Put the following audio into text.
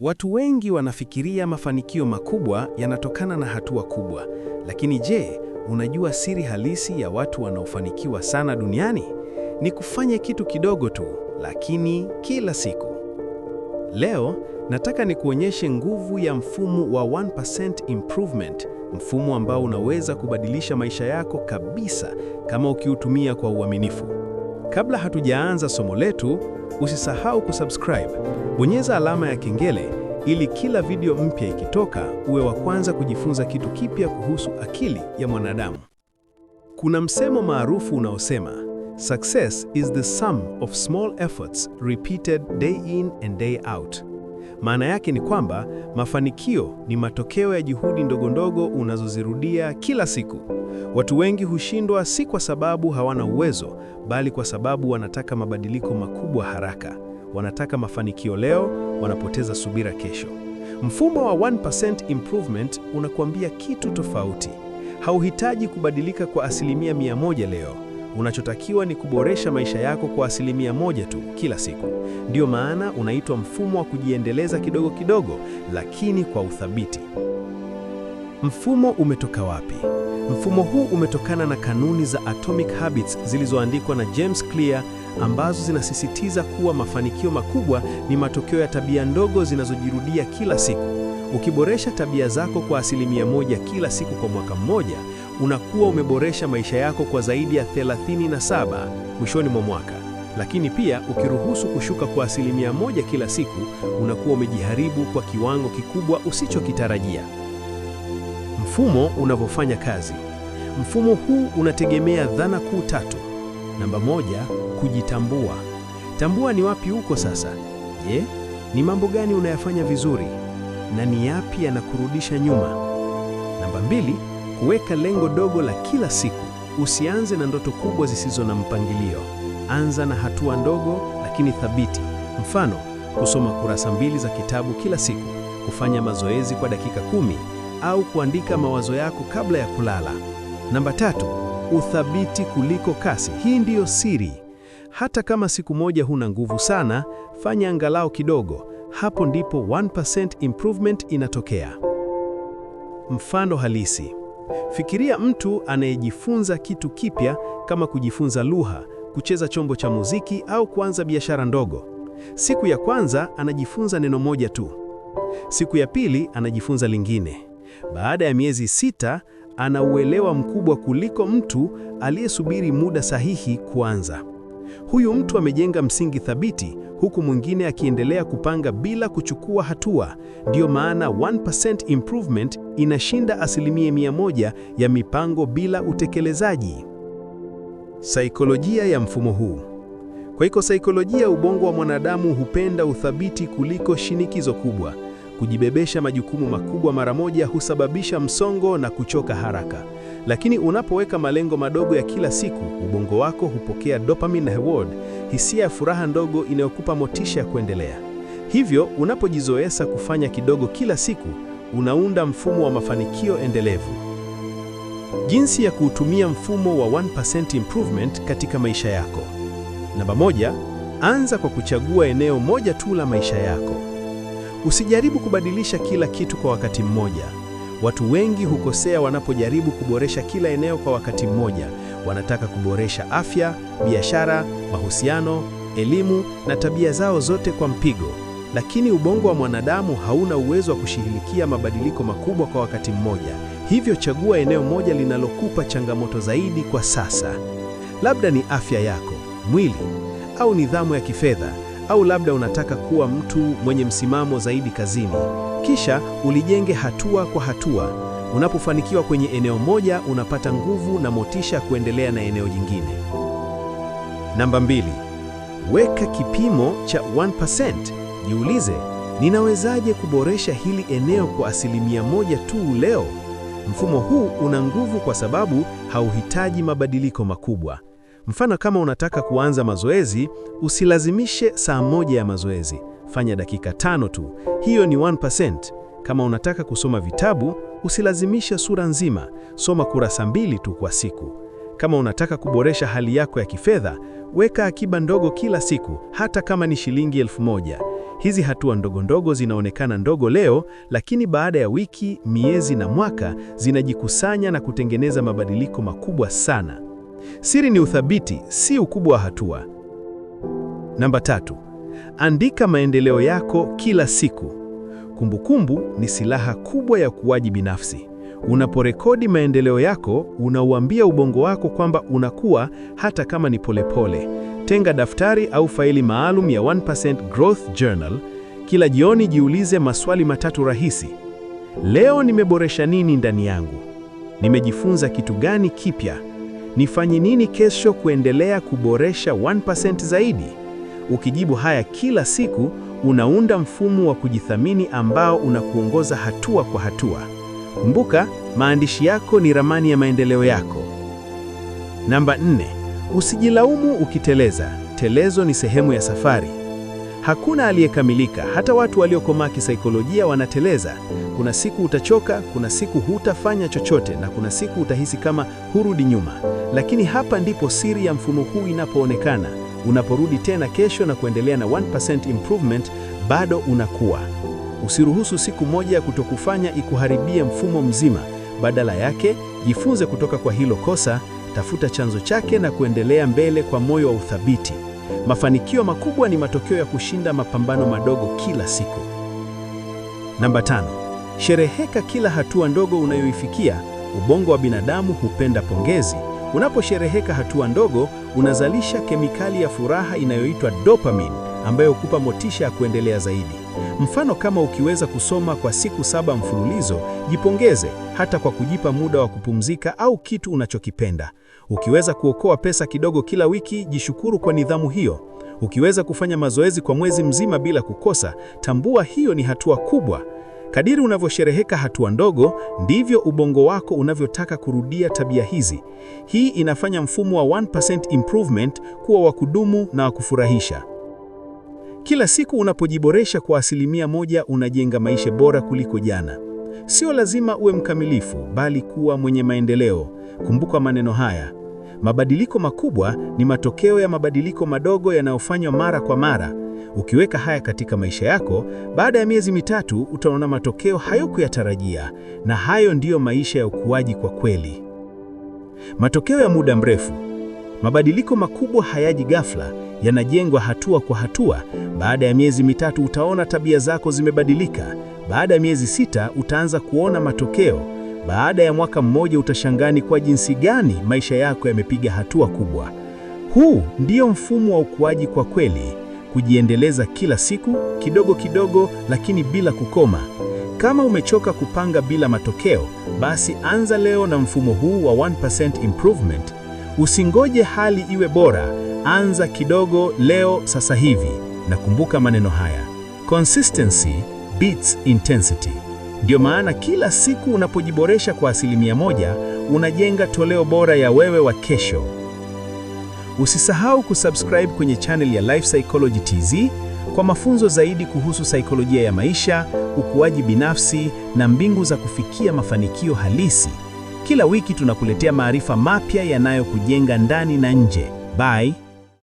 Watu wengi wanafikiria mafanikio makubwa yanatokana na hatua kubwa, lakini je, unajua siri halisi ya watu wanaofanikiwa sana duniani? Ni kufanya kitu kidogo tu, lakini kila siku. Leo nataka nikuonyeshe nguvu ya mfumo wa 1% improvement, mfumo ambao unaweza kubadilisha maisha yako kabisa kama ukiutumia kwa uaminifu. Kabla hatujaanza somo letu, usisahau kusubscribe. Bonyeza alama ya kengele ili kila video mpya ikitoka uwe wa kwanza kujifunza kitu kipya kuhusu akili ya mwanadamu. Kuna msemo maarufu unaosema Success is the sum of small efforts repeated day in and day out. Maana yake ni kwamba mafanikio ni matokeo ya juhudi ndogondogo unazozirudia kila siku. Watu wengi hushindwa si kwa sababu hawana uwezo, bali kwa sababu wanataka mabadiliko makubwa haraka. Wanataka mafanikio leo, wanapoteza subira kesho. Mfumo wa 1% improvement unakuambia kitu tofauti. Hauhitaji kubadilika kwa asilimia mia moja leo. Unachotakiwa ni kuboresha maisha yako kwa asilimia moja tu kila siku. Ndiyo maana unaitwa mfumo wa kujiendeleza kidogo kidogo, lakini kwa uthabiti. Mfumo umetoka wapi? Mfumo huu umetokana na kanuni za Atomic Habits zilizoandikwa na James Clear ambazo zinasisitiza kuwa mafanikio makubwa ni matokeo ya tabia ndogo zinazojirudia kila siku. Ukiboresha tabia zako kwa asilimia moja kila siku kwa mwaka mmoja, unakuwa umeboresha maisha yako kwa zaidi ya 37 mwishoni mwa mwaka. Lakini pia ukiruhusu kushuka kwa asilimia moja kila siku, unakuwa umejiharibu kwa kiwango kikubwa usichokitarajia mfumo unavyofanya kazi. Mfumo huu unategemea dhana kuu tatu. Namba moja, kujitambua. Tambua ni wapi uko sasa. Je, ni mambo gani unayafanya vizuri na ni yapi yanakurudisha nyuma? Namba mbili, kuweka lengo dogo la kila siku. Usianze na ndoto kubwa zisizo na mpangilio. Anza na hatua ndogo lakini thabiti. Mfano, kusoma kurasa mbili za kitabu kila siku, kufanya mazoezi kwa dakika kumi au kuandika mawazo yako kabla ya kulala. Namba tatu, uthabiti kuliko kasi. Hii ndiyo siri. Hata kama siku moja huna nguvu sana, fanya angalau kidogo. Hapo ndipo 1% improvement inatokea. Mfano halisi. Fikiria mtu anayejifunza kitu kipya kama kujifunza lugha, kucheza chombo cha muziki au kuanza biashara ndogo. Siku ya kwanza anajifunza neno moja tu. Siku ya pili anajifunza lingine. Baada ya miezi sita, ana uelewa mkubwa kuliko mtu aliyesubiri muda sahihi kuanza. Huyu mtu amejenga msingi thabiti, huku mwingine akiendelea kupanga bila kuchukua hatua. Ndiyo maana 1% improvement inashinda asilimia mia moja ya mipango bila utekelezaji. Saikolojia ya mfumo huu. Kwa hiyo saikolojia, ubongo wa mwanadamu hupenda uthabiti kuliko shinikizo kubwa. Kujibebesha majukumu makubwa mara moja husababisha msongo na kuchoka haraka. Lakini unapoweka malengo madogo ya kila siku, ubongo wako hupokea dopamine reward, hisia ya furaha ndogo inayokupa motisha ya kuendelea. Hivyo, unapojizoesha kufanya kidogo kila siku, unaunda mfumo wa mafanikio endelevu. Jinsi ya kuutumia mfumo wa 1% improvement katika maisha yako. Namba moja, anza kwa kuchagua eneo moja tu la maisha yako. Usijaribu kubadilisha kila kitu kwa wakati mmoja. Watu wengi hukosea wanapojaribu kuboresha kila eneo kwa wakati mmoja. Wanataka kuboresha afya, biashara, mahusiano, elimu na tabia zao zote kwa mpigo. Lakini ubongo wa mwanadamu hauna uwezo wa kushughulikia mabadiliko makubwa kwa wakati mmoja. Hivyo chagua eneo moja linalokupa changamoto zaidi kwa sasa. Labda ni afya yako, mwili au nidhamu ya kifedha au labda unataka kuwa mtu mwenye msimamo zaidi kazini. Kisha ulijenge hatua kwa hatua. Unapofanikiwa kwenye eneo moja, unapata nguvu na motisha kuendelea na eneo jingine. Namba mbili, weka kipimo cha 1%. Jiulize, ninawezaje kuboresha hili eneo kwa asilimia moja tu leo? Mfumo huu una nguvu kwa sababu hauhitaji mabadiliko makubwa. Mfano, kama unataka kuanza mazoezi, usilazimishe saa moja ya mazoezi. Fanya dakika tano tu, hiyo ni 1%. Kama unataka kusoma vitabu, usilazimishe sura nzima, soma kurasa mbili tu kwa siku. Kama unataka kuboresha hali yako ya kifedha, weka akiba ndogo kila siku, hata kama ni shilingi elfu moja. Hizi hatua ndogo ndogo zinaonekana ndogo leo, lakini baada ya wiki, miezi na mwaka zinajikusanya na kutengeneza mabadiliko makubwa sana. Siri ni uthabiti, si ukubwa wa hatua. Namba tatu, andika maendeleo yako kila siku. Kumbukumbu ni silaha kubwa ya ukuaji binafsi. Unaporekodi maendeleo yako, unauambia ubongo wako kwamba unakuwa, hata kama ni polepole. Tenga daftari au faili maalum ya 1% Growth Journal. Kila jioni jiulize maswali matatu rahisi. Leo nimeboresha nini ndani yangu? Nimejifunza kitu gani kipya? nifanye nini kesho kuendelea kuboresha 1% zaidi? Ukijibu haya kila siku, unaunda mfumo wa kujithamini ambao unakuongoza hatua kwa hatua. Kumbuka, maandishi yako ni ramani ya maendeleo yako. Namba 4, usijilaumu ukiteleza. Telezo ni sehemu ya safari. Hakuna aliyekamilika, hata watu waliokomaa kisaikolojia wanateleza. Kuna siku utachoka, kuna siku hutafanya chochote, na kuna siku utahisi kama hurudi nyuma. Lakini hapa ndipo siri ya mfumo huu inapoonekana. Unaporudi tena kesho na kuendelea na 1% improvement, bado unakuwa. Usiruhusu siku moja ya kutokufanya ikuharibie mfumo mzima. Badala yake, jifunze kutoka kwa hilo kosa, tafuta chanzo chake na kuendelea mbele kwa moyo wa uthabiti. Mafanikio makubwa ni matokeo ya kushinda mapambano madogo kila siku. Namba tano, shereheka kila hatua ndogo unayoifikia. Ubongo wa binadamu hupenda pongezi. Unaposhereheka hatua ndogo, unazalisha kemikali ya furaha inayoitwa dopamine ambayo hukupa motisha ya kuendelea zaidi. Mfano, kama ukiweza kusoma kwa siku saba mfululizo, jipongeze hata kwa kujipa muda wa kupumzika au kitu unachokipenda. Ukiweza kuokoa pesa kidogo kila wiki, jishukuru kwa nidhamu hiyo. Ukiweza kufanya mazoezi kwa mwezi mzima bila kukosa, tambua hiyo ni hatua kubwa. Kadiri unavyoshereheka hatua ndogo, ndivyo ubongo wako unavyotaka kurudia tabia hizi. Hii inafanya mfumo wa 1% improvement kuwa wa kudumu na wa kufurahisha. Kila siku unapojiboresha kwa asilimia moja, unajenga maisha bora kuliko jana. Sio lazima uwe mkamilifu, bali kuwa mwenye maendeleo. Kumbuka maneno haya. Mabadiliko makubwa ni matokeo ya mabadiliko madogo yanayofanywa mara kwa mara. Ukiweka haya katika maisha yako, baada ya miezi mitatu utaona matokeo hayokuyatarajia, na hayo ndiyo maisha ya ukuaji kwa kweli. Matokeo ya muda mrefu. Mabadiliko makubwa hayaji ghafla, yanajengwa hatua kwa hatua. Baada ya miezi mitatu utaona tabia zako zimebadilika. Baada ya miezi sita utaanza kuona matokeo. Baada ya mwaka mmoja utashangani kwa jinsi gani maisha yako yamepiga hatua kubwa. Huu ndio mfumo wa ukuaji kwa kweli, kujiendeleza kila siku kidogo kidogo, lakini bila kukoma. Kama umechoka kupanga bila matokeo, basi anza leo na mfumo huu wa 1% improvement. Usingoje hali iwe bora, anza kidogo leo, sasa hivi. Na kumbuka maneno haya, consistency beats intensity. Ndio maana kila siku unapojiboresha kwa asilimia moja, unajenga toleo bora ya wewe wa kesho. Usisahau kusubscribe kwenye channel ya Life Psychology TZ kwa mafunzo zaidi kuhusu saikolojia ya maisha, ukuaji binafsi na mbingu za kufikia mafanikio halisi. Kila wiki tunakuletea maarifa mapya yanayokujenga ndani na nje. Bye.